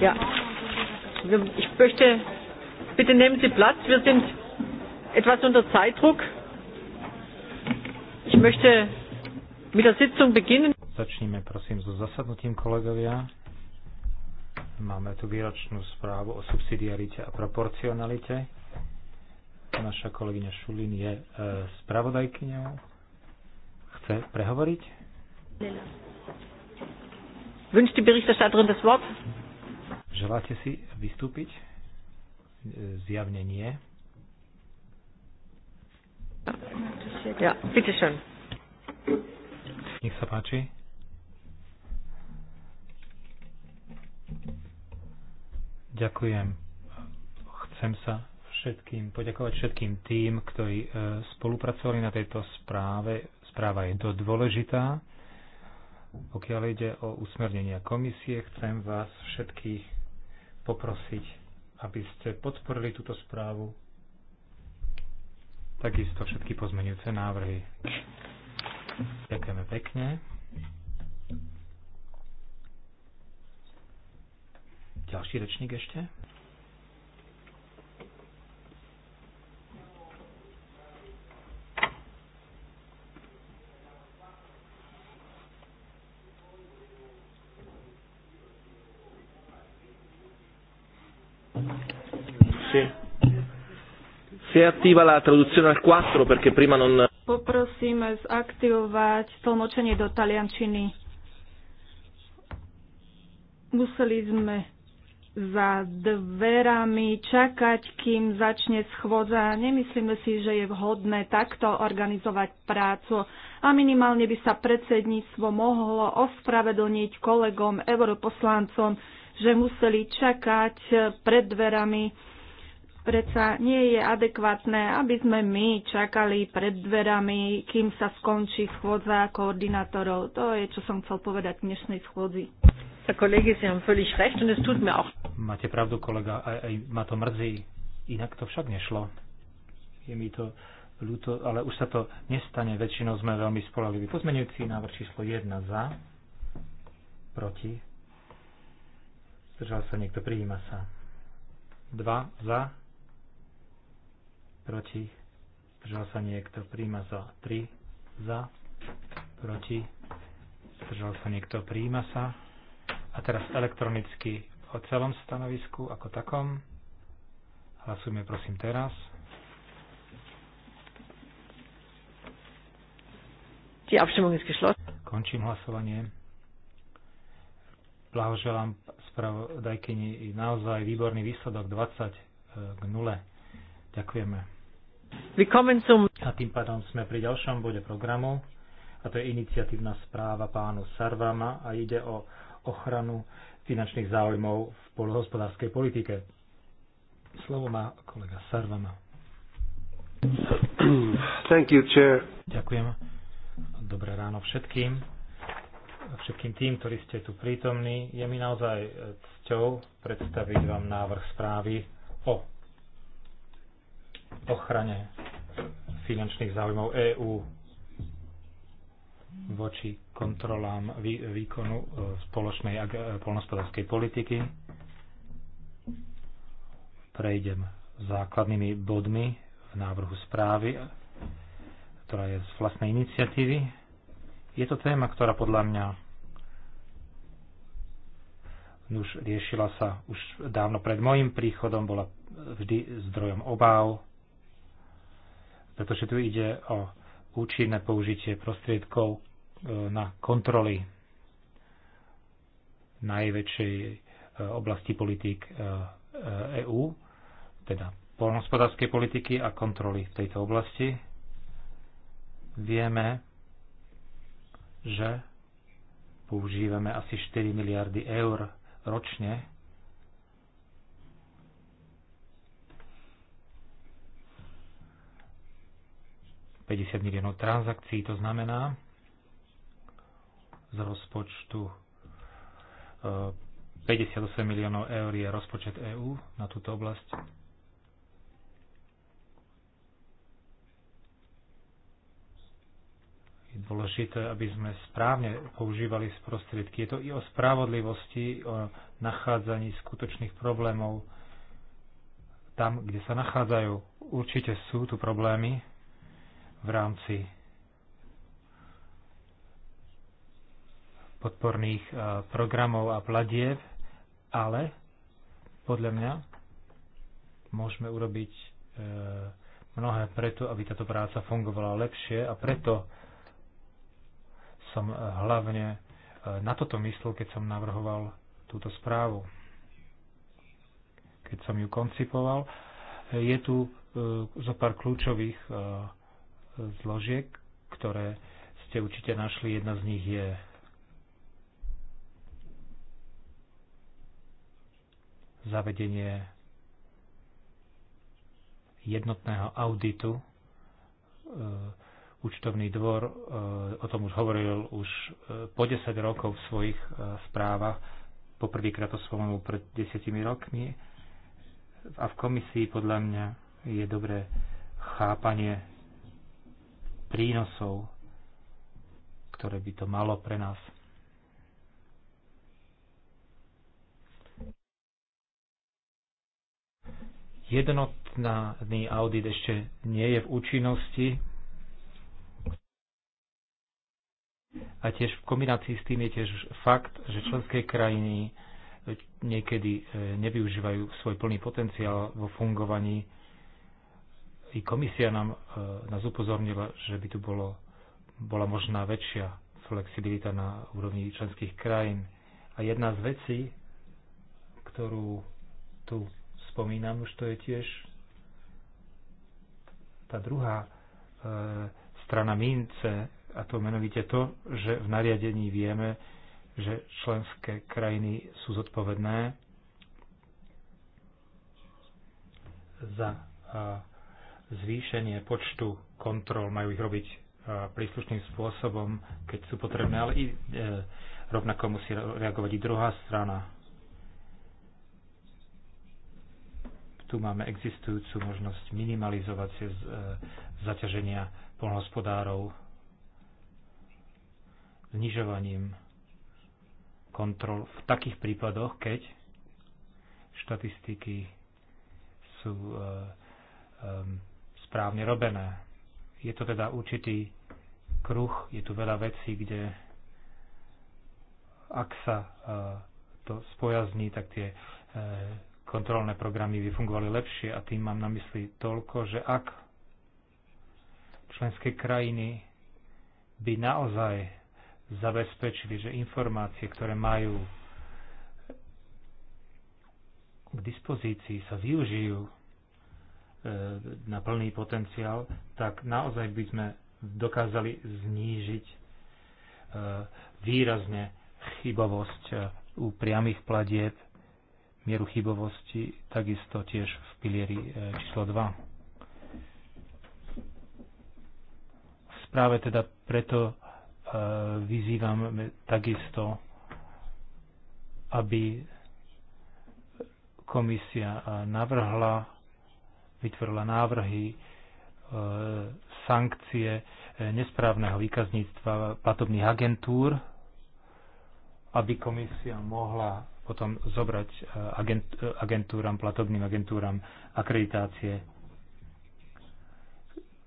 Ja. Ich möchte, bitte nehmen Sie Platz. Wir sind etwas unter Zeitdruck. Ich möchte mit der Sitzung beginnen. Začníme prosím so zasadnutím kolegovia. Máme tu výročnú správu o subsidiarite a proporcionalite. Naša kolegyňa Šulín je e, spravodajkyňou. Chce prehovoriť? Wünscht die Berichterstatterin das Wort? Želáte si vystúpiť? Zjavne nie. Ja, bitte schön. Nech sa páči. Ďakujem. Chcem sa všetkým poďakovať všetkým tým, ktorí e, spolupracovali na tejto správe. Správa je to dôležitá. Pokiaľ ide o usmernenia komisie, chcem vás všetkých poprosiť, aby ste podporili túto správu. Takisto všetky pozmenujúce návrhy. Ďakujeme pekne. Ďalší rečník ešte. Sì. è attiva la traduzione al 4 perché prima non... Poprosíme zaktivovať tlmočenie do taliančiny. Museli sme za dverami čakať, kým začne schôdza. Nemyslíme si, že je vhodné takto organizovať prácu a minimálne by sa predsedníctvo mohlo ospravedlniť kolegom europoslancom, že museli čakať pred dverami Preca nie je adekvátne, aby sme my čakali pred dverami, kým sa skončí schôdza koordinátorov. To je, čo som chcel povedať v dnešnej schôdzi. Máte pravdu, kolega, aj, aj ma to mrzí. Inak to však nešlo. Je mi to ľúto, ale už sa to nestane. Väčšinou sme veľmi spolahliví. Pozmenujúci návrh číslo 1 za, proti, zdržal sa niekto, prijíma sa. 2 za, proti, zdržal sa niekto, príjma sa 3, za, proti, zdržal sa niekto, príjma sa. A teraz elektronicky o celom stanovisku ako takom. Hlasujme prosím teraz. Die Abstimmung ist geschlossen. Končím hlasovanie. Blahoželám spravodajkyni naozaj výborný výsledok 20 e, k 0. Ďakujeme. A tým pádom sme pri ďalšom bode programu, a to je iniciatívna správa pánu Sarvama a ide o ochranu finančných záujmov v polohospodárskej politike. Slovo má kolega Sarvama. Thank you, chair. Ďakujem. Dobré ráno všetkým. Všetkým tým, ktorí ste tu prítomní, je mi naozaj cťou predstaviť vám návrh správy o ochrane finančných záujmov EÚ voči kontrolám výkonu e, spoločnej e, polnospodárskej politiky. Prejdem základnými bodmi v návrhu správy, ktorá je z vlastnej iniciatívy. Je to téma, ktorá podľa mňa už riešila sa už dávno pred môjim príchodom, bola vždy zdrojom obáv, pretože tu ide o účinné použitie prostriedkov e, na kontroly najväčšej e, oblasti politík EÚ, e, teda polnospodárskej politiky a kontroly v tejto oblasti. Vieme, že používame asi 4 miliardy eur ročne 50 miliónov transakcií. To znamená z rozpočtu 58 e, miliónov eur je rozpočet EÚ na túto oblasť. Je dôležité, aby sme správne používali prostriedky. Je to i o spravodlivosti, o nachádzaní skutočných problémov tam, kde sa nachádzajú. Určite sú tu problémy, v rámci podporných e, programov a pladiev, ale podľa mňa môžeme urobiť e, mnohé preto, aby táto práca fungovala lepšie a preto som e, hlavne na toto myslel, keď som navrhoval túto správu. Keď som ju koncipoval, je tu zo pár kľúčových zložiek, ktoré ste určite našli. Jedna z nich je zavedenie jednotného auditu. E, účtovný dvor e, o tom už hovoril už e, po 10 rokov v svojich správach. Poprvýkrát to spomenul pred 10 rokmi. A v komisii podľa mňa je dobré chápanie prínosov, ktoré by to malo pre nás. Jednotný audit ešte nie je v účinnosti a tiež v kombinácii s tým je tiež fakt, že členské krajiny niekedy e, nevyužívajú svoj plný potenciál vo fungovaní i komisia nám, e, nás upozornila, že by tu bolo, bola možná väčšia flexibilita na úrovni členských krajín. A jedna z vecí, ktorú tu spomínam, už to je tiež tá druhá e, strana mince, a to menovite to, že v nariadení vieme, že členské krajiny sú zodpovedné za a, zvýšenie počtu kontrol, majú ich robiť e, príslušným spôsobom, keď sú potrebné, ale i e, rovnako musí reagovať i druhá strana. Tu máme existujúcu možnosť e, zaťaženia polnohospodárov znižovaním kontrol v takých prípadoch, keď štatistiky sú e, e správne robené. Je to teda určitý kruh, je tu veľa vecí, kde ak sa e, to spojazní, tak tie e, kontrolné programy by fungovali lepšie a tým mám na mysli toľko, že ak členské krajiny by naozaj zabezpečili, že informácie, ktoré majú k dispozícii, sa využijú E, na plný potenciál, tak naozaj by sme dokázali znížiť e, výrazne chybovosť e, u priamých platieb, mieru chybovosti, takisto tiež v pilieri číslo 2. V správe teda preto vyzývam takisto, aby komisia navrhla vytvorila návrhy, e, sankcie e, nesprávneho výkazníctva platobných agentúr, aby komisia mohla potom zobrať e, agentúram, platobným agentúram akreditácie.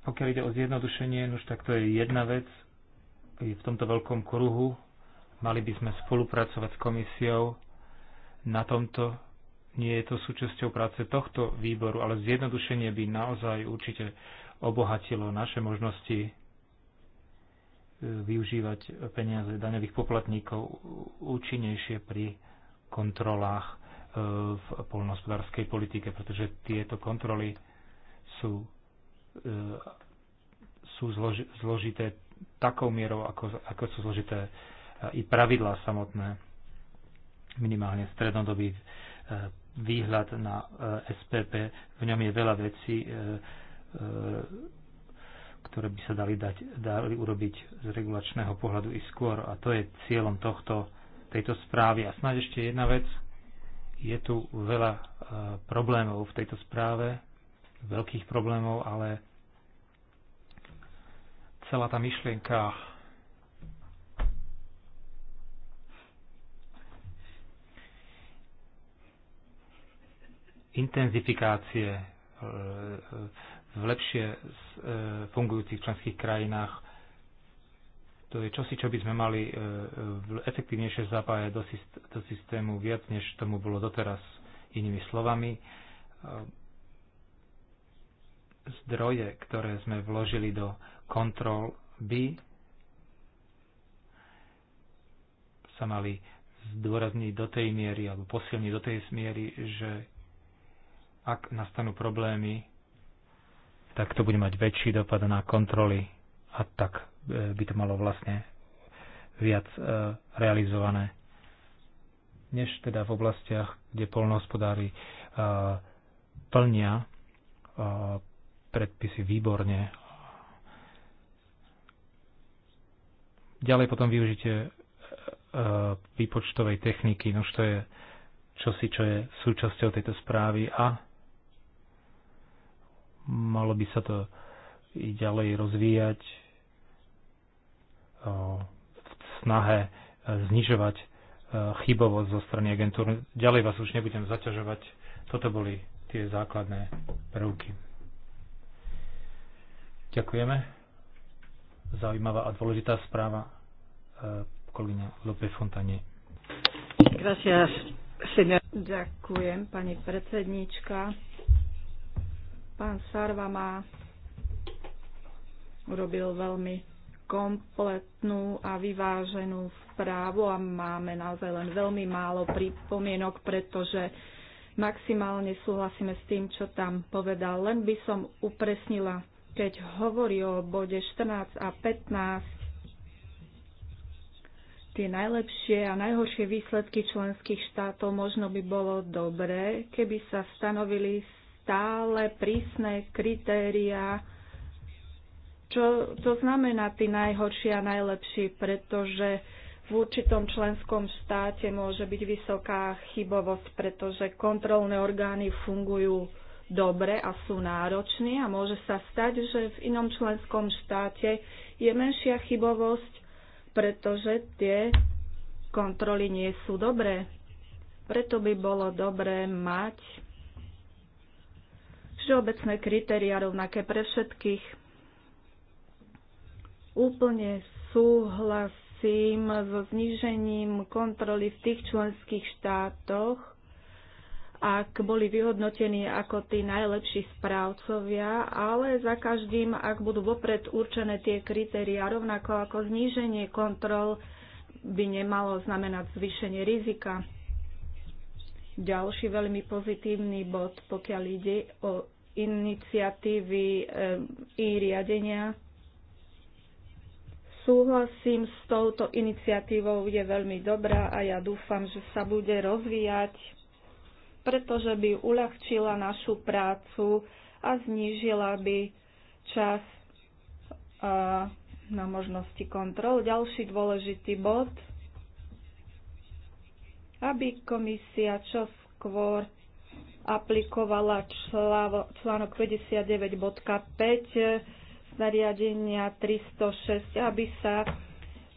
Pokiaľ ide o zjednodušenie, už tak to je jedna vec. V tomto veľkom kruhu mali by sme spolupracovať s komisiou na tomto nie je to súčasťou práce tohto výboru, ale zjednodušenie by naozaj určite obohatilo naše možnosti e, využívať peniaze daňových poplatníkov účinnejšie pri kontrolách e, v polnohospodárskej politike, pretože tieto kontroly sú, e, sú zložité takou mierou, ako, ako sú zložité i pravidlá samotné, minimálne strednodobých výhľad na e, SPP. V ňom je veľa vecí, e, e, ktoré by sa dali, dať, dali urobiť z regulačného pohľadu i skôr. A to je cieľom tohto, tejto správy. A snáď ešte jedna vec. Je tu veľa problémov v tejto správe, veľkých problémov, ale celá tá myšlienka intenzifikácie e, v lepšie e, fungujúcich členských krajinách. To je čosi, čo by sme mali e, efektívnejšie zapájať do systému viac, než tomu bolo doteraz inými slovami. Zdroje, ktoré sme vložili do kontrol, by sa mali zdôrazniť do tej miery alebo posilniť do tej miery, že ak nastanú problémy, tak to bude mať väčší dopad na kontroly a tak e, by to malo vlastne viac e, realizované, než teda v oblastiach, kde polnohospodári e, plnia predpisy výborne. Ďalej potom využite výpočtovej techniky, nož to je čosi, čo je súčasťou tejto správy a Malo by sa to i ďalej rozvíjať v snahe e, znižovať e, chybovosť zo strany agentúr. Ďalej vás už nebudem zaťažovať. Toto boli tie základné prvky. Ďakujeme. Zaujímavá a dôležitá správa e, kolegyňa Lope Fontanie. Gracias, Ďakujem, pani predsedníčka. Pán Sarva má urobil veľmi kompletnú a vyváženú správu a máme naozaj len veľmi málo pripomienok, pretože maximálne súhlasíme s tým, čo tam povedal. Len by som upresnila, keď hovorí o bode 14 a 15, tie najlepšie a najhoršie výsledky členských štátov možno by bolo dobré, keby sa stanovili stále prísne kritériá, čo to znamená tí najhorší a najlepší, pretože v určitom členskom štáte môže byť vysoká chybovosť, pretože kontrolné orgány fungujú dobre a sú nároční a môže sa stať, že v inom členskom štáte je menšia chybovosť, pretože tie kontroly nie sú dobré. Preto by bolo dobré mať všeobecné kritéria rovnaké pre všetkých. Úplne súhlasím so znížením kontroly v tých členských štátoch, ak boli vyhodnotení ako tí najlepší správcovia, ale za každým, ak budú vopred určené tie kritéria, rovnako ako zníženie kontrol by nemalo znamenať zvýšenie rizika. Ďalší veľmi pozitívny bod, pokiaľ ide o iniciatívy eh, i riadenia. Súhlasím s touto iniciatívou, je veľmi dobrá a ja dúfam, že sa bude rozvíjať, pretože by uľahčila našu prácu a znížila by čas eh, na možnosti kontrol. Ďalší dôležitý bod, aby komisia čo skôr aplikovala článok 59.5 e, nariadenia 306, aby sa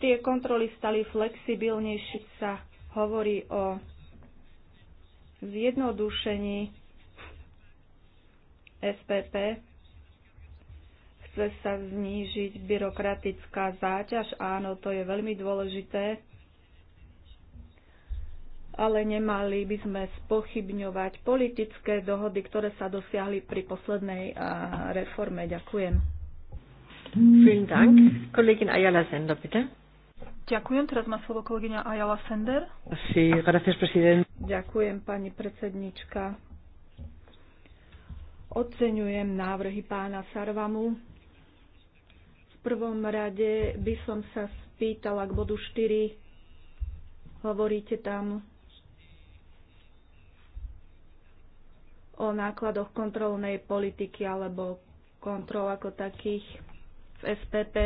tie kontroly stali flexibilnejšie. Sa hovorí o zjednodušení SPP. Chce sa znížiť byrokratická záťaž. Áno, to je veľmi dôležité ale nemali by sme spochybňovať politické dohody, ktoré sa dosiahli pri poslednej reforme. Ďakujem. Vielen Dank. Kollegin Ayala Sender, bitte. Ďakujem. Teraz má slovo kolegyňa Ayala Sender. Sí, gracias, president. Ďakujem, pani predsednička. Oceňujem návrhy pána Sarvamu. V prvom rade by som sa spýtala k bodu 4. Hovoríte tam o nákladoch kontrolnej politiky alebo kontrol ako takých v SPP.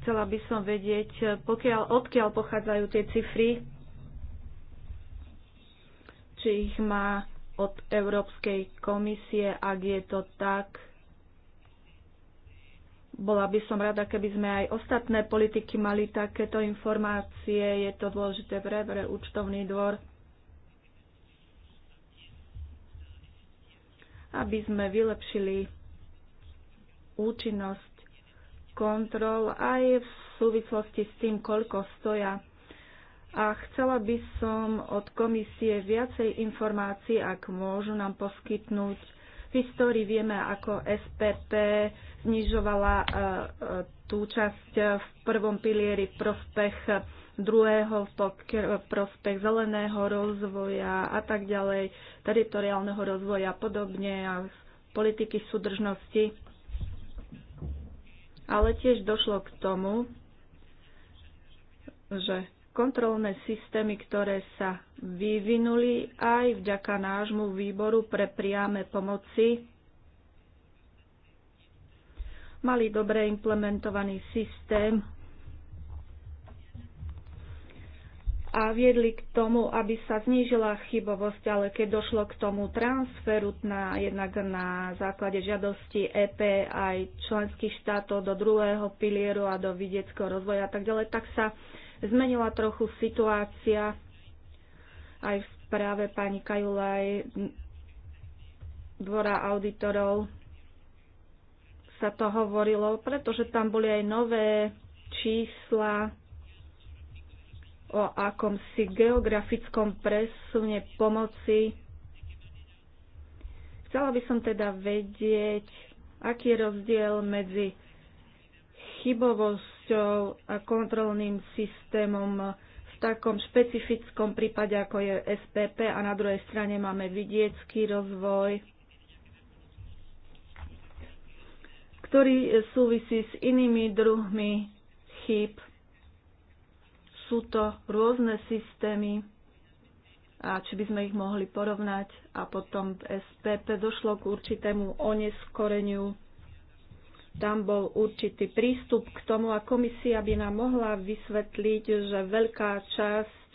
Chcela by som vedieť, pokiaľ, odkiaľ pochádzajú tie cifry, či ich má od Európskej komisie, ak je to tak, bola by som rada, keby sme aj ostatné politiky mali takéto informácie. Je to dôležité pre, pre účtovný dvor, aby sme vylepšili účinnosť kontrol aj v súvislosti s tým, koľko stoja. A chcela by som od komisie viacej informácií, ak môžu nám poskytnúť v histórii vieme, ako SPP znižovala e, e, tú časť v prvom pilieri v prospech druhého, v prospech zeleného rozvoja a tak ďalej, teritoriálneho rozvoja a podobne a politiky súdržnosti. Ale tiež došlo k tomu, že kontrolné systémy, ktoré sa vyvinuli aj vďaka nášmu výboru pre priame pomoci, mali dobre implementovaný systém a viedli k tomu, aby sa znížila chybovosť, ale keď došlo k tomu transferu na, jednak na základe žiadosti EP aj členských štátov do druhého pilieru a do vidieckého rozvoja a tak ďalej, tak sa zmenila trochu situácia. Aj v správe pani Kajulaj dvora auditorov sa to hovorilo, pretože tam boli aj nové čísla o akomsi geografickom presune pomoci. Chcela by som teda vedieť, aký je rozdiel medzi chybovosť súčasťou a kontrolným systémom v takom špecifickom prípade, ako je SPP a na druhej strane máme vidiecký rozvoj, ktorý súvisí s inými druhmi chýb. Sú to rôzne systémy a či by sme ich mohli porovnať a potom v SPP došlo k určitému oneskoreniu tam bol určitý prístup k tomu a komisia by nám mohla vysvetliť, že veľká časť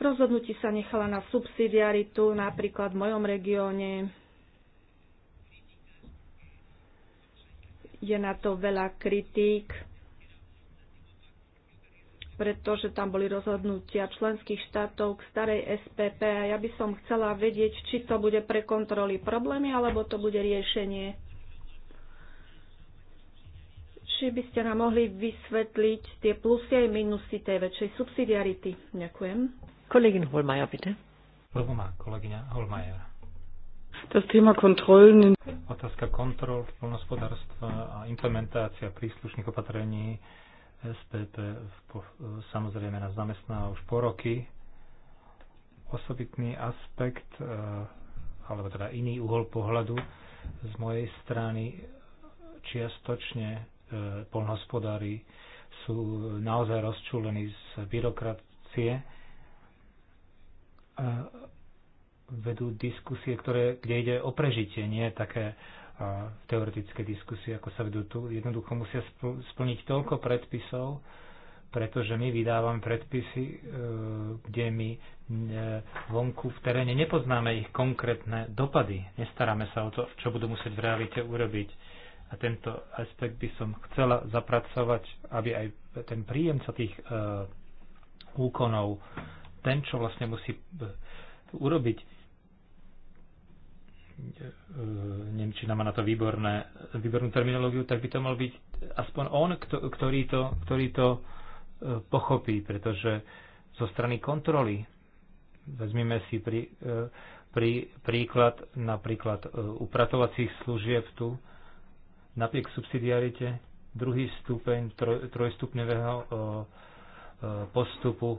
rozhodnutí sa nechala na subsidiaritu, napríklad v mojom regióne. Je na to veľa kritík, pretože tam boli rozhodnutia členských štátov k starej SPP a ja by som chcela vedieť, či to bude pre kontroly problémy alebo to bude riešenie či by ste nám mohli vysvetliť tie plusy aj minusy tej väčšej subsidiarity. Ďakujem. Kolegyň Holmajer, bitte. Prvú má kolegyňa Holmajer. Das Thema Kontrollen. Otázka kontrol poľnohospodárstva a implementácia príslušných opatrení SPP samozrejme nás zamestná už po roky. Osobitný aspekt, e, alebo teda iný uhol pohľadu z mojej strany čiastočne polnohospodári sú naozaj rozčúlení z byrokracie. Vedú diskusie, ktoré, kde ide o prežitie, nie také teoretické diskusie, ako sa vedú tu. Jednoducho musia splniť toľko predpisov, pretože my vydávame predpisy, e, kde my e, vonku v teréne nepoznáme ich konkrétne dopady. Nestaráme sa o to, čo budú musieť v realite urobiť a tento aspekt by som chcela zapracovať, aby aj ten príjemca tých e, úkonov, ten, čo vlastne musí e, urobiť, e, Nemčina má na to výborné, výbornú terminológiu, tak by to mal byť aspoň on, ktorý to, ktorý to e, pochopí, pretože zo strany kontroly, vezmime si pri, pri, príklad napríklad upratovacích služieb tu, napriek subsidiarite druhý stupeň troj, trojstupňového e, e, postupu e,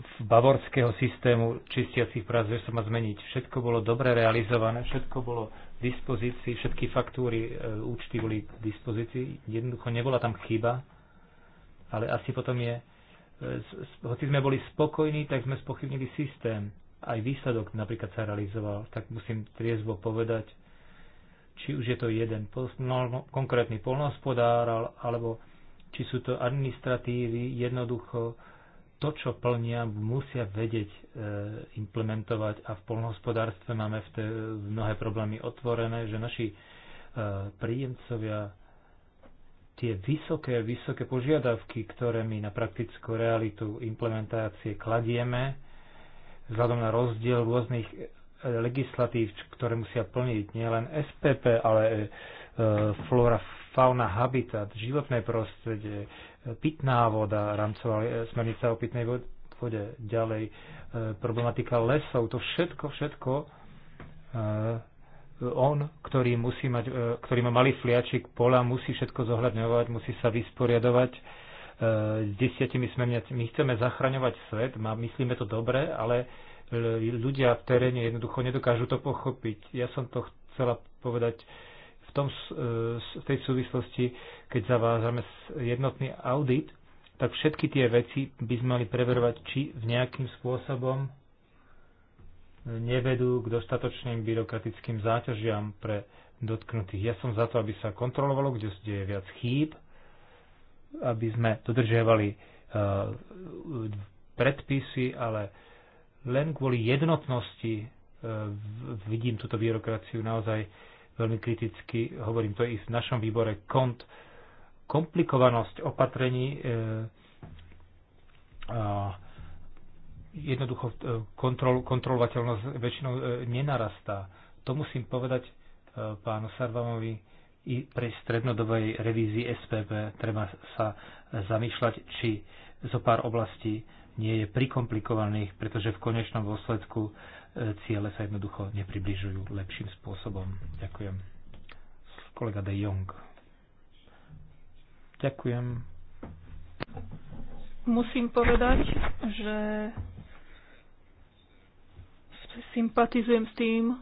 v bavorského systému čistiacich prác, že sa má zmeniť. Všetko bolo dobre realizované, všetko bolo v dispozícii, všetky faktúry, účty boli k dispozícii, jednoducho nebola tam chyba, ale asi potom je, hoci sme boli spokojní, tak sme spochybnili systém. Aj výsledok napríklad sa realizoval, tak musím triezvo povedať, či už je to jeden no, no, konkrétny polnohospodár, alebo či sú to administratívy, jednoducho to, čo plnia, musia vedieť e, implementovať a v polnohospodárstve máme v te, mnohé problémy otvorené, že naši e, príjemcovia tie vysoké, vysoké požiadavky, ktoré my na praktickú realitu implementácie kladieme, vzhľadom na rozdiel rôznych legislatív, ktoré musia plniť nielen SPP, ale e, flora, fauna, habitat, životné prostredie, pitná voda, rámcová e, smernica o pitnej vode, ďalej e, problematika lesov, to všetko, všetko on, ktorý, musí mať, ktorý má malý fliačik pola, musí všetko zohľadňovať, musí sa vysporiadovať s desiatimi smerniacimi. My chceme zachraňovať svet, myslíme to dobre, ale ľudia v teréne jednoducho nedokážu to pochopiť. Ja som to chcela povedať v, tom, v tej súvislosti, keď zavádzame jednotný audit, tak všetky tie veci by sme mali preverovať, či v nejakým spôsobom nevedú k dostatočným byrokratickým záťažiam pre dotknutých. Ja som za to, aby sa kontrolovalo, kde, je viac chýb, aby sme dodržiavali uh, predpisy, ale len kvôli jednotnosti e, vidím túto byrokraciu naozaj veľmi kriticky. Hovorím to i v našom výbore kont. Komplikovanosť opatrení e, jednoducho e, kontrol, kontrolovateľnosť väčšinou nenarastá. To musím povedať pánu Sarvamovi i pre strednodobej revízii SPP treba sa zamýšľať, či zo pár oblastí nie je prikomplikovaných, pretože v konečnom dôsledku e, ciele sa jednoducho nepribližujú lepším spôsobom. Ďakujem. Kolega De Jong. Ďakujem. Musím povedať, že sympatizujem s tým,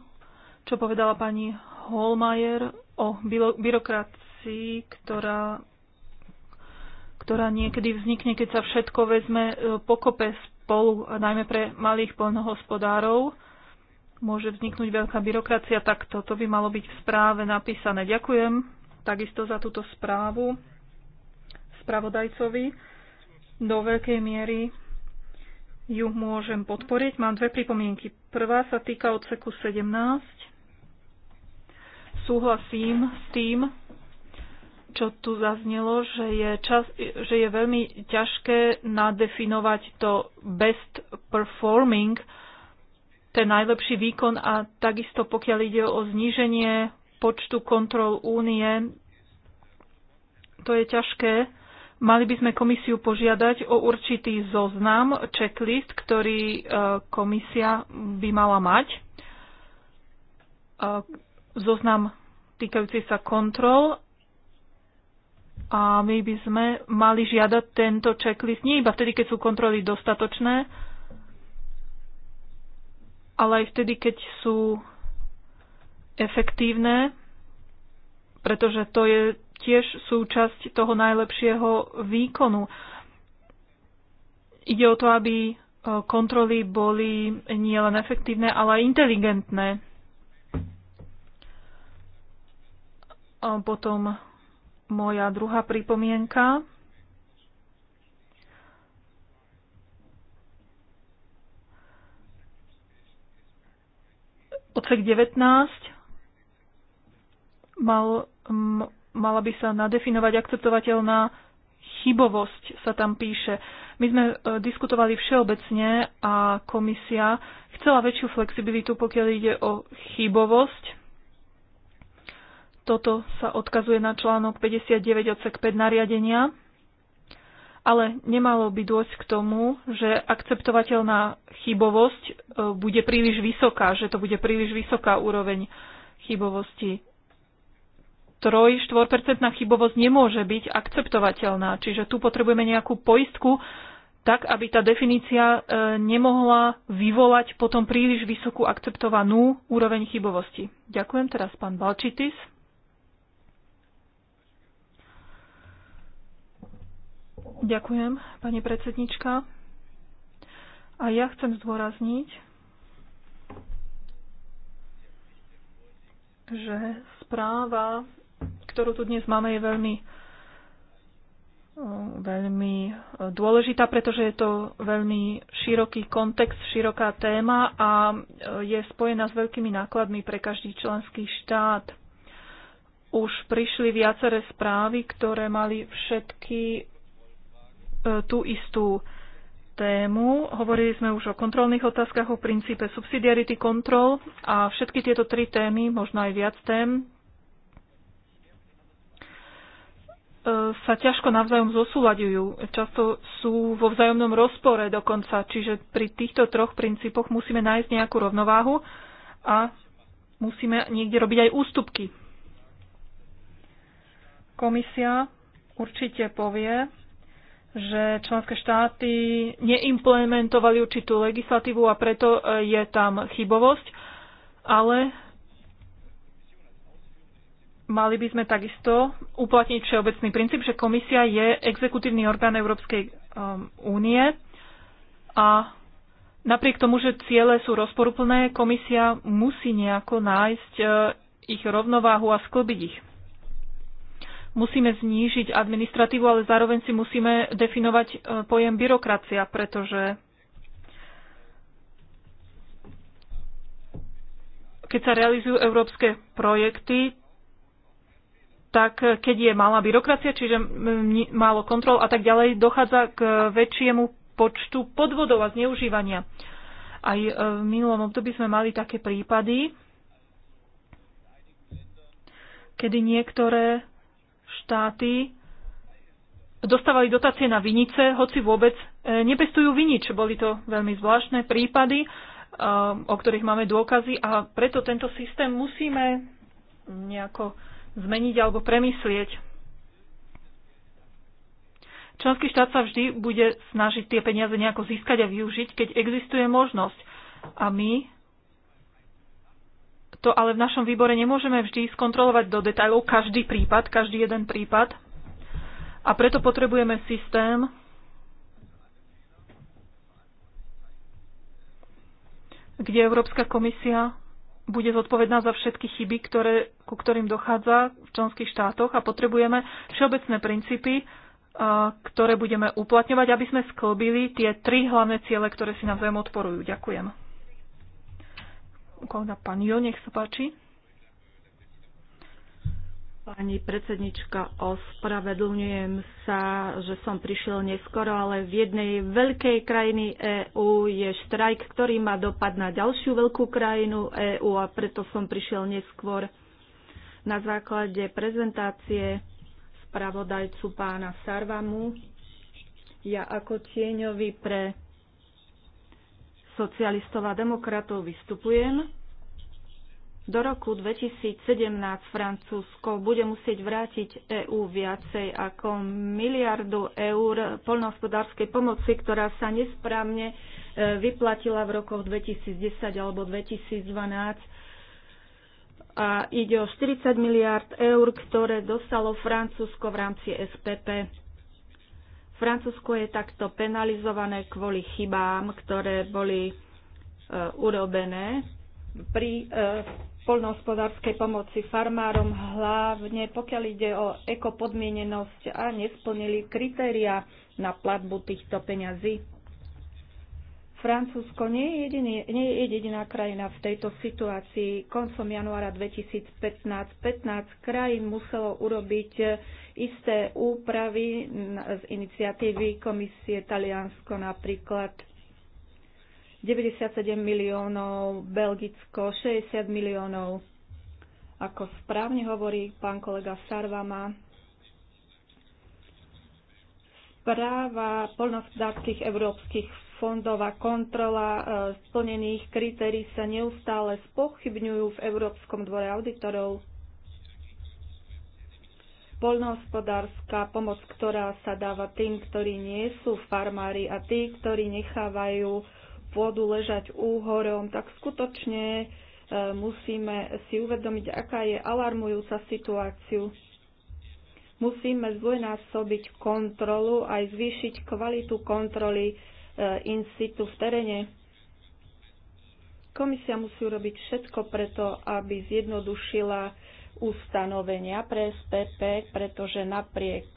čo povedala pani Holmajer o byrokracii, ktorá ktorá niekedy vznikne, keď sa všetko vezme e, pokope spolu, najmä pre malých poľnohospodárov. Môže vzniknúť veľká byrokracia, tak toto by malo byť v správe napísané. Ďakujem takisto za túto správu spravodajcovi. Do veľkej miery ju môžem podporiť. Mám dve pripomienky. Prvá sa týka odseku 17. Súhlasím s tým, čo tu zaznelo, že je, čas, že je veľmi ťažké nadefinovať to best performing, ten najlepší výkon a takisto pokiaľ ide o zníženie počtu kontrol únie, to je ťažké. Mali by sme komisiu požiadať o určitý zoznam, checklist, ktorý e, komisia by mala mať. E, zoznam týkajúci sa kontrol a my by sme mali žiadať tento checklist nie iba vtedy, keď sú kontroly dostatočné, ale aj vtedy, keď sú efektívne, pretože to je tiež súčasť toho najlepšieho výkonu. Ide o to, aby e, kontroly boli nielen efektívne, ale aj inteligentné. A potom moja druhá pripomienka Odsek 19 mal, mala by sa nadefinovať akceptovateľná chybovosť, sa tam píše. My sme e, diskutovali všeobecne a komisia chcela väčšiu flexibilitu, pokiaľ ide o chybovosť toto sa odkazuje na článok 59 odsek 5 nariadenia, ale nemalo by dôjsť k tomu, že akceptovateľná chybovosť e, bude príliš vysoká, že to bude príliš vysoká úroveň chybovosti. 3-4% chybovosť nemôže byť akceptovateľná, čiže tu potrebujeme nejakú poistku, tak aby tá definícia e, nemohla vyvolať potom príliš vysokú akceptovanú úroveň chybovosti. Ďakujem teraz pán Balčitis. Ďakujem, pani predsednička. A ja chcem zdôrazniť, že správa, ktorú tu dnes máme, je veľmi, veľmi dôležitá, pretože je to veľmi široký kontext, široká téma a je spojená s veľkými nákladmi pre každý členský štát. Už prišli viaceré správy, ktoré mali všetky E, tú istú tému. Hovorili sme už o kontrolných otázkach, o princípe subsidiarity control a všetky tieto tri témy, možno aj viac tém, e, sa ťažko navzájom zosúľadujú. Často sú vo vzájomnom rozpore dokonca, čiže pri týchto troch princípoch musíme nájsť nejakú rovnováhu a musíme niekde robiť aj ústupky. Komisia určite povie, že členské štáty neimplementovali určitú legislatívu a preto e, je tam chybovosť, ale mali by sme takisto uplatniť všeobecný princíp, že komisia je exekutívny orgán Európskej um, únie a napriek tomu, že ciele sú rozporuplné, komisia musí nejako nájsť e, ich rovnováhu a sklbiť ich musíme znížiť administratívu, ale zároveň si musíme definovať e, pojem byrokracia, pretože keď sa realizujú európske projekty, tak keď je malá byrokracia, čiže málo kontrol a tak ďalej, dochádza k väčšiemu počtu podvodov a zneužívania. Aj e, v minulom období sme mali také prípady, kedy niektoré štáty dostávali dotácie na vinice, hoci vôbec e, nepestujú vinič. Boli to veľmi zvláštne prípady, e, o ktorých máme dôkazy a preto tento systém musíme nejako zmeniť alebo premyslieť. Členský štát sa vždy bude snažiť tie peniaze nejako získať a využiť, keď existuje možnosť. A my to ale v našom výbore nemôžeme vždy skontrolovať do detajlov každý prípad, každý jeden prípad. A preto potrebujeme systém, kde Európska komisia bude zodpovedná za všetky chyby, ktoré, ku ktorým dochádza v členských štátoch a potrebujeme všeobecné princípy, ktoré budeme uplatňovať, aby sme sklbili tie tri hlavné ciele, ktoré si navzájom odporujú. Ďakujem kolega pán Jo, nech sa páči. Pani predsednička, ospravedlňujem sa, že som prišiel neskoro, ale v jednej veľkej krajiny EÚ je štrajk, ktorý má dopad na ďalšiu veľkú krajinu EÚ a preto som prišiel neskôr. Na základe prezentácie spravodajcu pána Sarvamu, ja ako tieňový pre socialistov a demokratov vystupujem. Do roku 2017 Francúzsko bude musieť vrátiť EÚ viacej ako miliardu eur poľnohospodárskej pomoci, ktorá sa nesprávne e, vyplatila v rokoch 2010 alebo 2012. A ide o 40 miliard eur, ktoré dostalo Francúzsko v rámci SPP. Francúzsko je takto penalizované kvôli chybám, ktoré boli e, urobené pri e, poľnohospodárskej pomoci farmárom, hlavne pokiaľ ide o ekopodmienenosť a nesplnili kritéria na platbu týchto peňazí. Francúzsko nie je, jediný, nie je jediná krajina v tejto situácii. Koncom januára 2015 15 krajín muselo urobiť eh, isté úpravy z iniciatívy komisie Taliansko napríklad 97 miliónov, Belgicko 60 miliónov. Ako správne hovorí pán kolega Sarvama, práva poľnohospodárskych európskych fondová kontrola e, splnených kritérií sa neustále spochybňujú v Európskom dvore auditorov. Poľnohospodárska pomoc, ktorá sa dáva tým, ktorí nie sú farmári a tí, ktorí nechávajú vodu ležať úhorom, tak skutočne e, musíme si uvedomiť, aká je alarmujúca situáciu musíme zdvojnásobiť kontrolu aj zvýšiť kvalitu kontroly. Eh, in situ v teréne. Komisia musí urobiť všetko preto, aby zjednodušila ustanovenia pre SPP, pretože napriek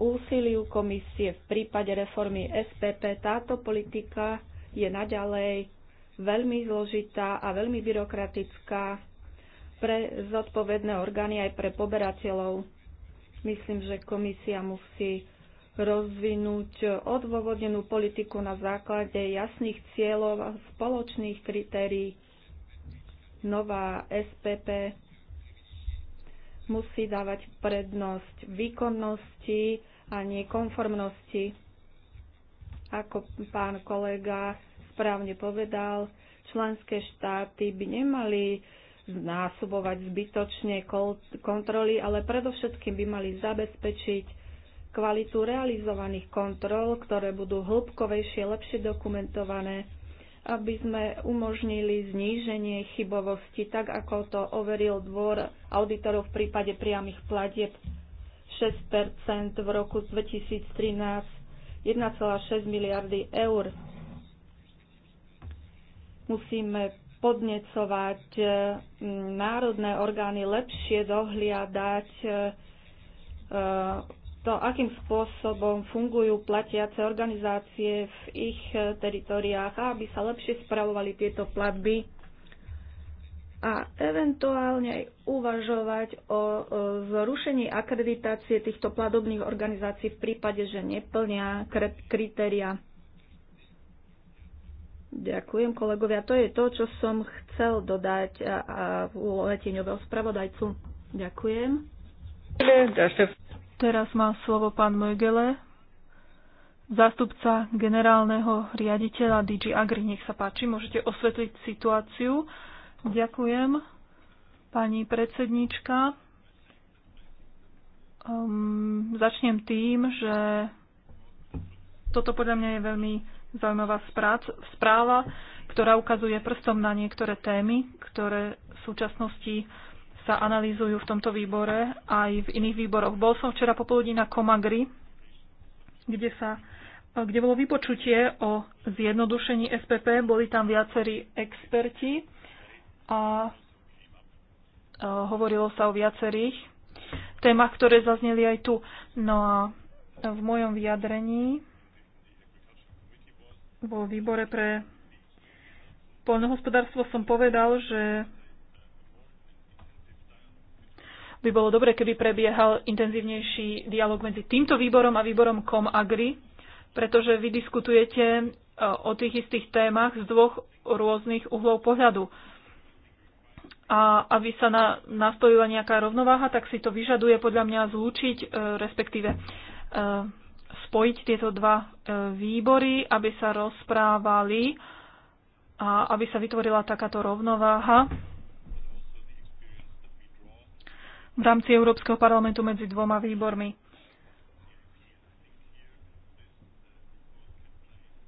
úsiliu komisie v prípade reformy SPP táto politika je naďalej veľmi zložitá a veľmi byrokratická pre zodpovedné orgány aj pre poberateľov. Myslím, že komisia musí rozvinúť odôvodnenú politiku na základe jasných cieľov a spoločných kritérií. Nová SPP musí dávať prednosť výkonnosti a nekonformnosti. Ako pán kolega správne povedal, členské štáty by nemali znásobovať zbytočne kontroly, ale predovšetkým by mali zabezpečiť kvalitu realizovaných kontrol, ktoré budú hĺbkovejšie, lepšie dokumentované, aby sme umožnili zníženie chybovosti, tak ako to overil dvor auditorov v prípade priamých platieb 6 v roku 2013 1,6 miliardy eur. Musíme podnecovať eh, národné orgány lepšie dohliadať eh, to, akým spôsobom fungujú platiace organizácie v ich e, teritoriách, aby sa lepšie spravovali tieto platby a eventuálne aj uvažovať o e, zrušení akreditácie týchto platobných organizácií v prípade, že neplnia kritéria. Ďakujem, kolegovia. To je to, čo som chcel dodať v úlohe tieňového spravodajcu. Ďakujem. Teraz má slovo pán Mögele, zástupca generálneho riaditeľa DG Agri. Nech sa páči, môžete osvetliť situáciu. Ďakujem, pani predsednička. Um, začnem tým, že toto podľa mňa je veľmi zaujímavá správa, ktorá ukazuje prstom na niektoré témy, ktoré v súčasnosti uh, sa analýzujú v tomto výbore aj v iných výboroch. Bol som včera popoludní na Komagri, kde, sa, kde bolo vypočutie o zjednodušení SPP. Boli tam viacerí experti a e, hovorilo sa o viacerých témach, ktoré zazneli aj tu. No a v mojom vyjadrení vo výbore pre poľnohospodárstvo som povedal, že by bolo dobre, keby prebiehal intenzívnejší dialog medzi týmto výborom a výborom ComAgri, pretože vy diskutujete e, o tých istých témach z dvoch rôznych uhlov pohľadu. A aby sa na, nastavila nejaká rovnováha, tak si to vyžaduje podľa mňa zlúčiť, e, respektíve e, spojiť tieto dva e, výbory, aby sa rozprávali a aby sa vytvorila takáto rovnováha v rámci Európskeho parlamentu medzi dvoma výbormi.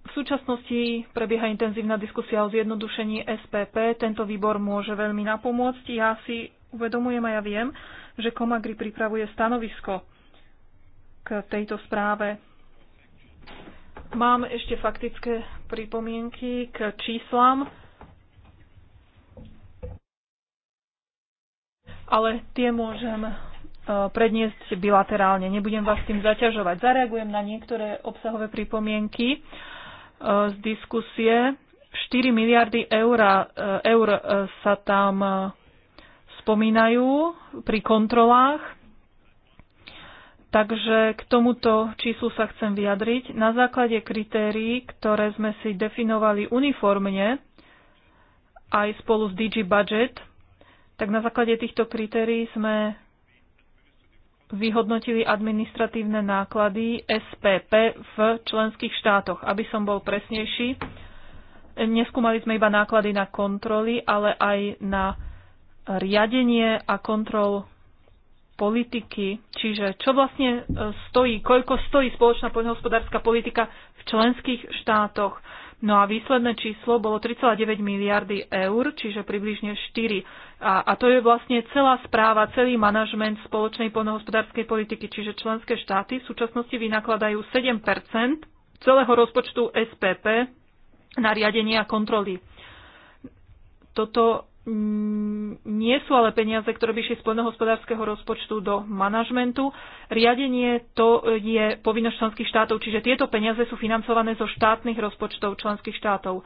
V súčasnosti prebieha intenzívna diskusia o zjednodušení SPP. Tento výbor môže veľmi napomôcť. Ja si uvedomujem a ja viem, že Komagri pripravuje stanovisko k tejto správe. Mám ešte faktické pripomienky k číslam. ale tie môžem e, predniesť bilaterálne. Nebudem vás tým zaťažovať. Zareagujem na niektoré obsahové pripomienky e, z diskusie. 4 miliardy e, eur, eur sa tam spomínajú pri kontrolách. Takže k tomuto číslu sa chcem vyjadriť. Na základe kritérií, ktoré sme si definovali uniformne, aj spolu s DG Budget, tak na základe týchto kritérií sme vyhodnotili administratívne náklady SPP v členských štátoch. Aby som bol presnejší, neskúmali sme iba náklady na kontroly, ale aj na riadenie a kontrol politiky, čiže čo vlastne e, stojí, koľko stojí spoločná poľnohospodárska politika v členských štátoch. No a výsledné číslo bolo 3,9 miliardy eur, čiže približne 4. A, a to je vlastne celá správa, celý manažment spoločnej poľnohospodárskej politiky, čiže členské štáty v súčasnosti vynakladajú 7 celého rozpočtu SPP na riadenie a kontroly. Toto Mm, nie sú ale peniaze, ktoré by šli z plnohospodárskeho rozpočtu do manažmentu. Riadenie to je povinnosť členských štátov, čiže tieto peniaze sú financované zo štátnych rozpočtov členských štátov.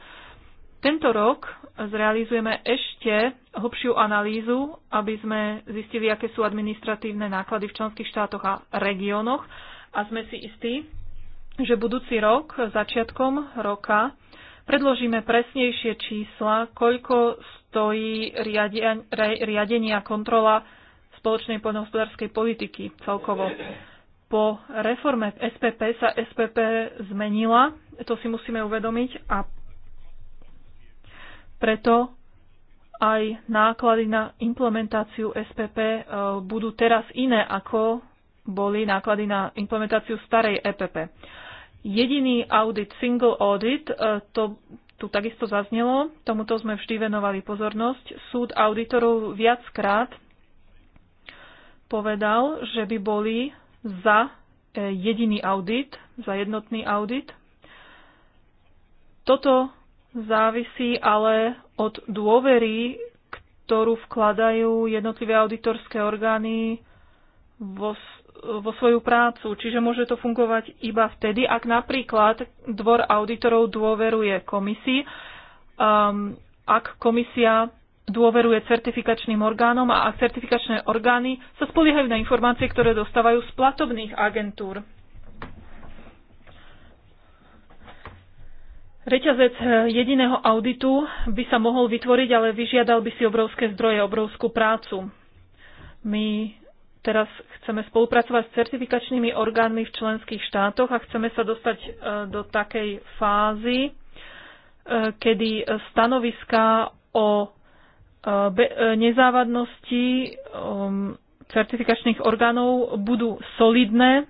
Tento rok zrealizujeme ešte hlbšiu analýzu, aby sme zistili, aké sú administratívne náklady v členských štátoch a regiónoch a sme si istí, že budúci rok, začiatkom roka, predložíme presnejšie čísla, koľko stojí riadenie a kontrola spoločnej poľnohospodárskej politiky celkovo. Po reforme v SPP sa SPP zmenila, to si musíme uvedomiť a preto aj náklady na implementáciu SPP e, budú teraz iné, ako boli náklady na implementáciu starej EPP. Jediný audit, single audit, e, to tu takisto zaznelo, tomuto sme vždy venovali pozornosť. Súd auditorov viackrát povedal, že by boli za e, jediný audit, za jednotný audit. Toto závisí ale od dôvery, ktorú vkladajú jednotlivé auditorské orgány vo vo svoju prácu. Čiže môže to fungovať iba vtedy, ak napríklad dvor auditorov dôveruje komisii, um, ak komisia dôveruje certifikačným orgánom a ak certifikačné orgány sa spoliehajú na informácie, ktoré dostávajú z platobných agentúr. Reťazec eh, jediného auditu by sa mohol vytvoriť, ale vyžiadal by si obrovské zdroje, obrovskú prácu. My Teraz chceme spolupracovať s certifikačnými orgánmi v členských štátoch a chceme sa dostať e, do takej fázy, e, kedy stanoviska o e, nezávadnosti um, certifikačných orgánov budú solidné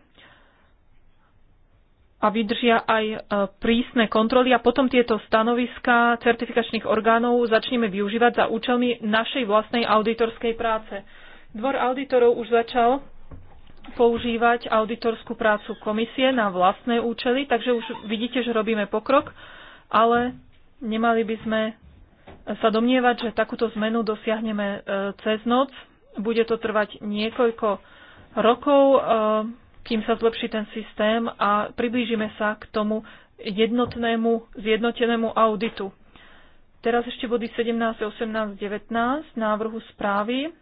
a vydržia aj prísne kontroly a potom tieto stanoviska certifikačných orgánov začneme využívať za účelmi našej vlastnej auditorskej práce. Dvor auditorov už začal používať auditorskú prácu komisie na vlastné účely, takže už vidíte, že robíme pokrok, ale nemali by sme sa domnievať, že takúto zmenu dosiahneme e, cez noc. Bude to trvať niekoľko rokov, e, kým sa zlepší ten systém a priblížime sa k tomu jednotnému, zjednotenému auditu. Teraz ešte body 17, 18, 19 návrhu správy.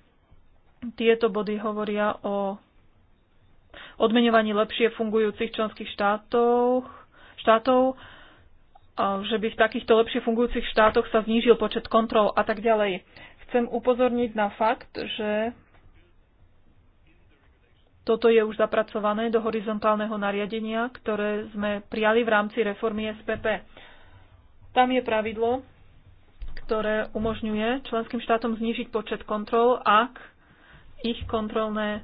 Tieto body hovoria o odmenovaní lepšie fungujúcich členských štátov, štátov že by v takýchto lepšie fungujúcich štátoch sa znížil počet kontrol a tak ďalej. Chcem upozorniť na fakt, že toto je už zapracované do horizontálneho nariadenia, ktoré sme prijali v rámci reformy SPP. Tam je pravidlo, ktoré umožňuje členským štátom znížiť počet kontrol, ak ich kontrolné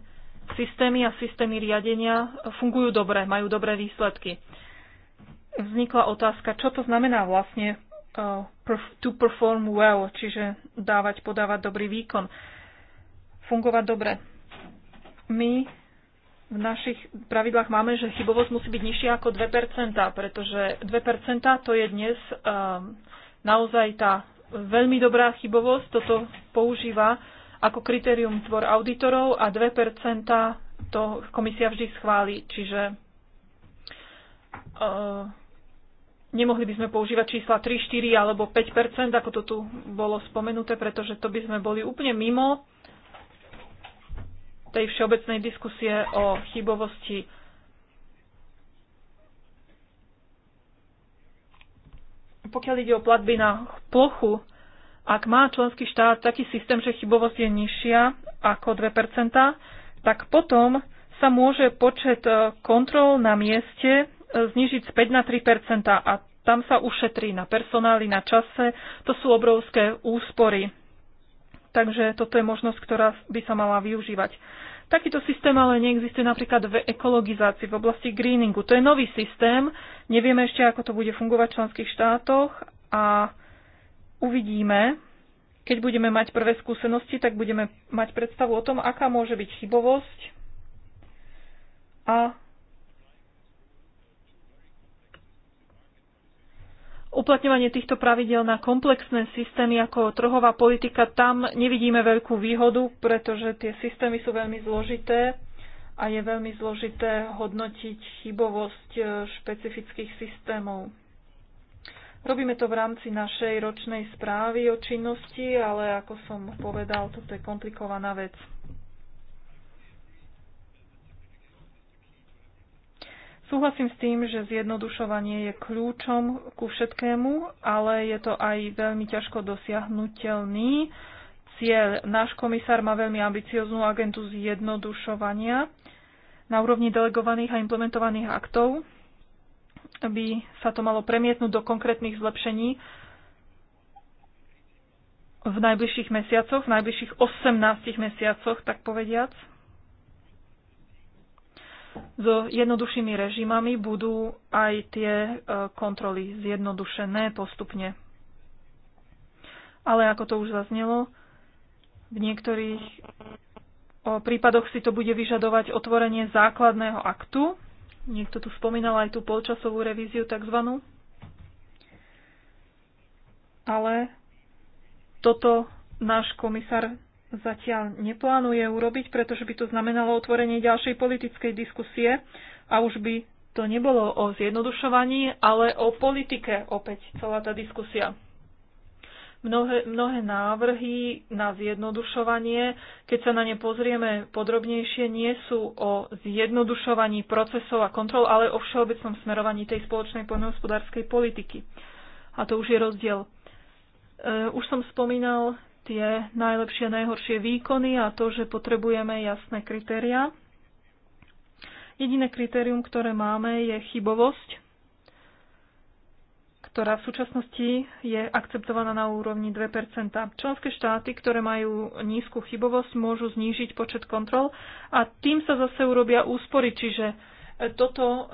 systémy a systémy riadenia fungujú dobre, majú dobré výsledky. Vznikla otázka, čo to znamená vlastne uh, to perform well, čiže dávať, podávať dobrý výkon, fungovať dobre. My v našich pravidlách máme, že chybovosť musí byť nižšia ako 2%, pretože 2% to je dnes um, naozaj tá veľmi dobrá chybovosť. Toto používa ako kritérium tvor auditorov a 2% to komisia vždy schváli. Čiže uh, nemohli by sme používať čísla 3, 4 alebo 5%, ako to tu bolo spomenuté, pretože to by sme boli úplne mimo tej všeobecnej diskusie o chybovosti pokiaľ ide o platby na plochu, ak má členský štát taký systém, že chybovosť je nižšia ako 2%, tak potom sa môže počet e, kontrol na mieste e, znižiť z 5 na 3% a tam sa ušetrí na personáli, na čase. To sú obrovské úspory. Takže toto je možnosť, ktorá by sa mala využívať. Takýto systém ale neexistuje napríklad v ekologizácii, v oblasti greeningu. To je nový systém, nevieme ešte, ako to bude fungovať v členských štátoch a uvidíme, keď budeme mať prvé skúsenosti, tak budeme mať predstavu o tom, aká môže byť chybovosť a uplatňovanie týchto pravidel na komplexné systémy ako trhová politika, tam nevidíme veľkú výhodu, pretože tie systémy sú veľmi zložité a je veľmi zložité hodnotiť chybovosť eh, špecifických systémov. Robíme to v rámci našej ročnej správy o činnosti, ale ako som povedal, toto je komplikovaná vec. Súhlasím s tým, že zjednodušovanie je kľúčom ku všetkému, ale je to aj veľmi ťažko dosiahnutelný cieľ. Náš komisár má veľmi ambicioznú agentu zjednodušovania na úrovni delegovaných a implementovaných aktov by sa to malo premietnúť do konkrétnych zlepšení v najbližších mesiacoch, v najbližších 18 mesiacoch, tak povediac. S jednoduchšími režimami budú aj tie e, kontroly zjednodušené postupne. Ale ako to už zaznelo, v niektorých prípadoch si to bude vyžadovať otvorenie základného aktu, Niekto tu spomínal aj tú polčasovú revíziu tzv. Ale toto náš komisár zatiaľ neplánuje urobiť, pretože by to znamenalo otvorenie ďalšej politickej diskusie a už by to nebolo o zjednodušovaní, ale o politike opäť celá tá diskusia mnohé, mnohé návrhy na zjednodušovanie, keď sa na ne pozrieme podrobnejšie, nie sú o zjednodušovaní procesov a kontrol, ale o všeobecnom smerovaní tej spoločnej poľnohospodárskej politiky. A to už je rozdiel. E, už som spomínal tie najlepšie a najhoršie výkony a to, že potrebujeme jasné kritéria. Jediné kritérium, ktoré máme, je chybovosť ktorá v súčasnosti je akceptovaná na úrovni 2 Členské štáty, ktoré majú nízku chybovosť, môžu znížiť počet kontrol a tým sa zase urobia úspory, čiže e, toto um,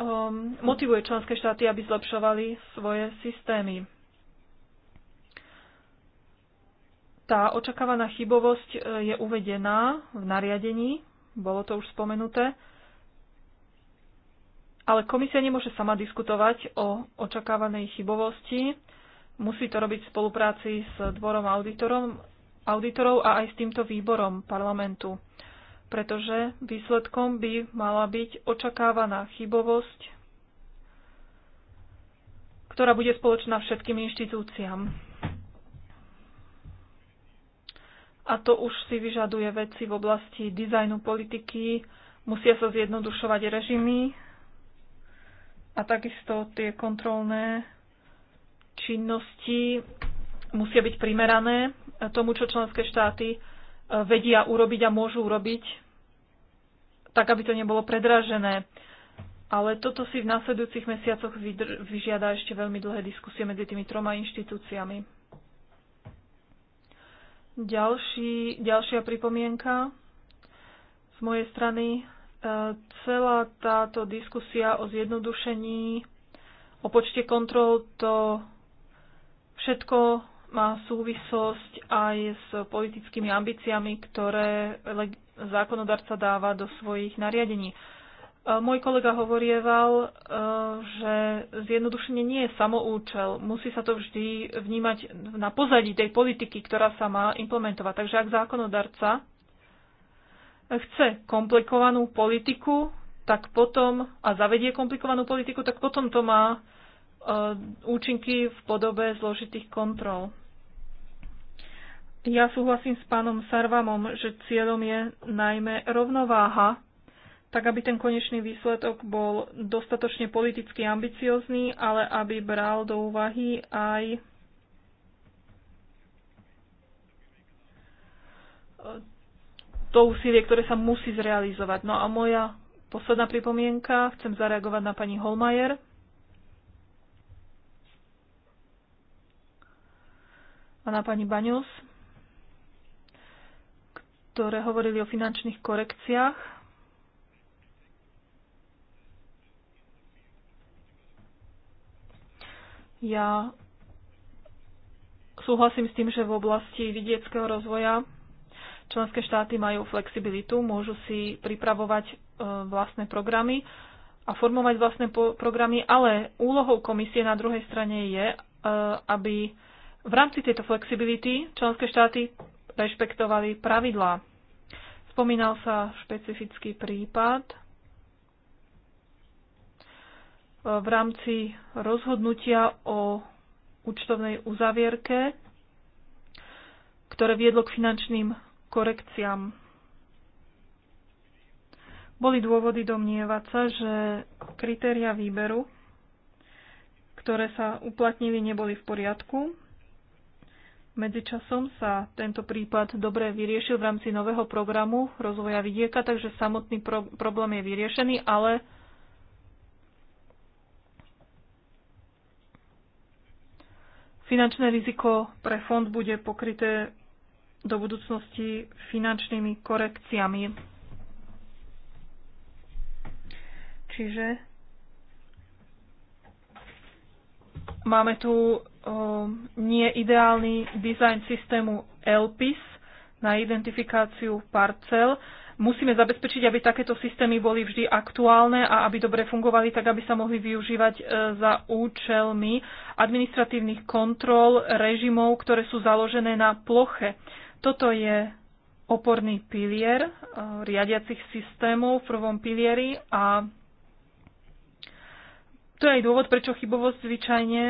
motivuje členské štáty, aby zlepšovali svoje systémy. Tá očakávaná chybovosť e, je uvedená v nariadení, bolo to už spomenuté. Ale komisia nemôže sama diskutovať o očakávanej chybovosti. Musí to robiť v spolupráci s dvorom auditorom, auditorov a aj s týmto výborom parlamentu. Pretože výsledkom by mala byť očakávaná chybovosť, ktorá bude spoločná všetkým inštitúciám. a to už si vyžaduje veci v oblasti dizajnu politiky, musia sa zjednodušovať režimy, a takisto tie kontrolné činnosti musia byť primerané tomu, čo členské štáty e, vedia urobiť a môžu urobiť, tak aby to nebolo predražené. Ale toto si v následujúcich mesiacoch vyžiada ešte veľmi dlhé diskusie medzi tými troma inštitúciami. Ďalší, ďalšia pripomienka z mojej strany celá táto diskusia o zjednodušení, o počte kontrol, to všetko má súvislosť aj s politickými ambíciami, ktoré zákonodarca dáva do svojich nariadení. E, môj kolega hovorieval, e, že zjednodušenie nie je samoučel. Musí sa to vždy vnímať na pozadí tej politiky, ktorá sa má implementovať. Takže ak zákonodarca chce komplikovanú politiku, tak potom, a zavedie komplikovanú politiku, tak potom to má e, účinky v podobe zložitých kontrol. Ja súhlasím s pánom Sarvamom, že cieľom je najmä rovnováha, tak aby ten konečný výsledok bol dostatočne politicky ambiciozný, ale aby bral do úvahy aj e, to úsilie, ktoré sa musí zrealizovať. No a moja posledná pripomienka, chcem zareagovať na pani Holmajer. a na pani baňus, ktoré hovorili o finančných korekciách Ja súhlasím s tým, že v oblasti vidieckého rozvoja Členské štáty majú flexibilitu, môžu si pripravovať e, vlastné programy a formovať vlastné programy, ale úlohou komisie na druhej strane je, e, aby v rámci tejto flexibility členské štáty rešpektovali pravidlá. Spomínal sa špecifický prípad e, v rámci rozhodnutia o účtovnej uzavierke, ktoré viedlo k finančným korekciám. Boli dôvody domnievať sa, že kritéria výberu, ktoré sa uplatnili, neboli v poriadku. Medzičasom sa tento prípad dobre vyriešil v rámci nového programu rozvoja vidieka, takže samotný pro- problém je vyriešený, ale finančné riziko pre fond bude pokryté do budúcnosti finančnými korekciami. Čiže máme tu neideálny dizajn systému LPIS na identifikáciu parcel. Musíme zabezpečiť, aby takéto systémy boli vždy aktuálne a aby dobre fungovali, tak aby sa mohli využívať e, za účelmi administratívnych kontrol režimov, ktoré sú založené na ploche. Toto je oporný pilier eh, riadiacich systémov v prvom pilieri a to je aj dôvod, prečo chybovosť zvyčajne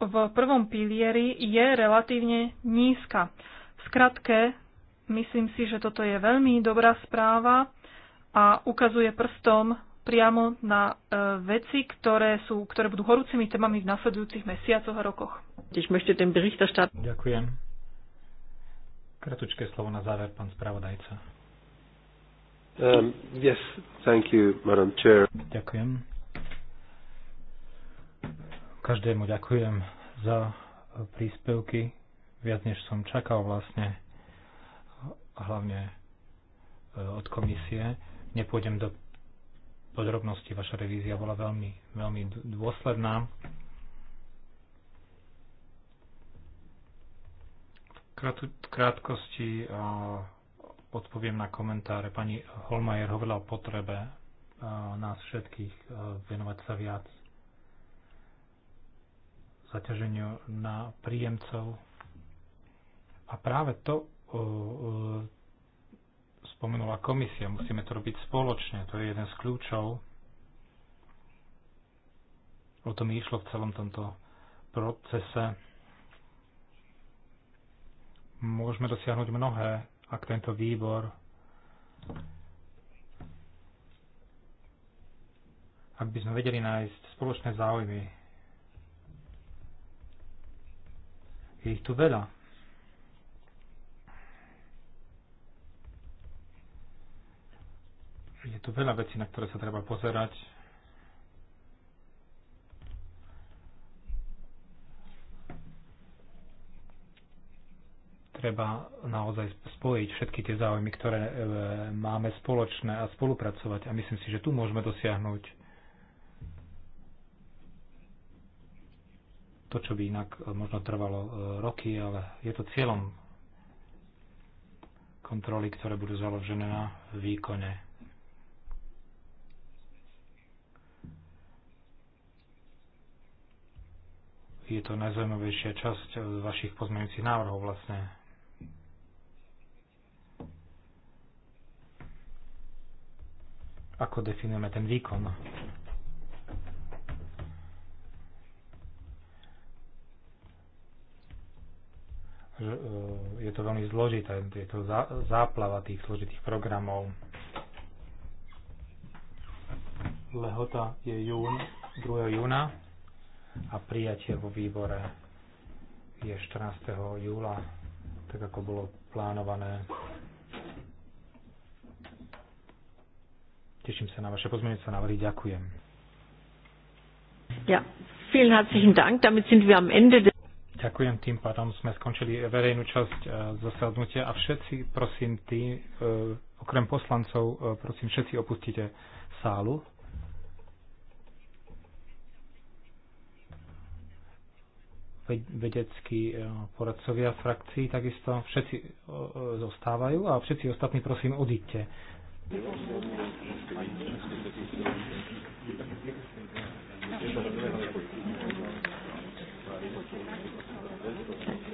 v prvom pilieri je relatívne nízka. V skratke, myslím si, že toto je veľmi dobrá správa a ukazuje prstom priamo na eh, veci, ktoré, sú, ktoré budú horúcimi témami v nasledujúcich mesiacoch a rokoch. Ďakujem. Kratučké slovo na záver, pán spravodajca. Um, yes, thank you, Madam Chair. Ďakujem. Každému ďakujem za príspevky, viac než som čakal vlastne, hlavne e, od komisie. Nepôjdem do podrobností, vaša revízia bola veľmi, veľmi dôsledná. v krátkosti e, odpoviem na komentáre. Pani Holmajer hovorila o potrebe e, nás všetkých e, venovať sa viac zaťaženiu na príjemcov. A práve to spomenula komisia. Musíme to robiť spoločne. To je jeden z kľúčov. O to mi išlo v celom tomto procese môžeme dosiahnuť mnohé, ak tento výbor ak by sme vedeli nájsť spoločné záujmy. Je ich tu veľa. Je tu veľa vecí, na ktoré sa treba pozerať. treba naozaj spojiť všetky tie záujmy, ktoré e, máme spoločné a spolupracovať. A myslím si, že tu môžeme dosiahnuť to, čo by inak e, možno trvalo e, roky, ale je to cieľom kontroly, ktoré budú založené na výkone. Je to najzaujímavejšia časť vašich pozmeňujúcich návrhov vlastne. Ako definujeme ten výkon? E, je to veľmi zložité, je to záplava tých zložitých programov. Lehota je jún, 2. júna a prijatie vo výbore je 14. júla, tak ako bolo plánované. Teším sa na vaše pozmeňujúce návrhy. Ďakujem. Ja, vielen herzlichen Dank. Damit sind wir am Ende des Ďakujem, tým pádom sme skončili verejnú časť e, zasadnutia a všetci, prosím, tí, e, okrem poslancov, e, prosím, všetci opustite sálu. vedeckí poradcovia frakcií takisto všetci zostávajú a všetci ostatní prosím odíďte. Thank you.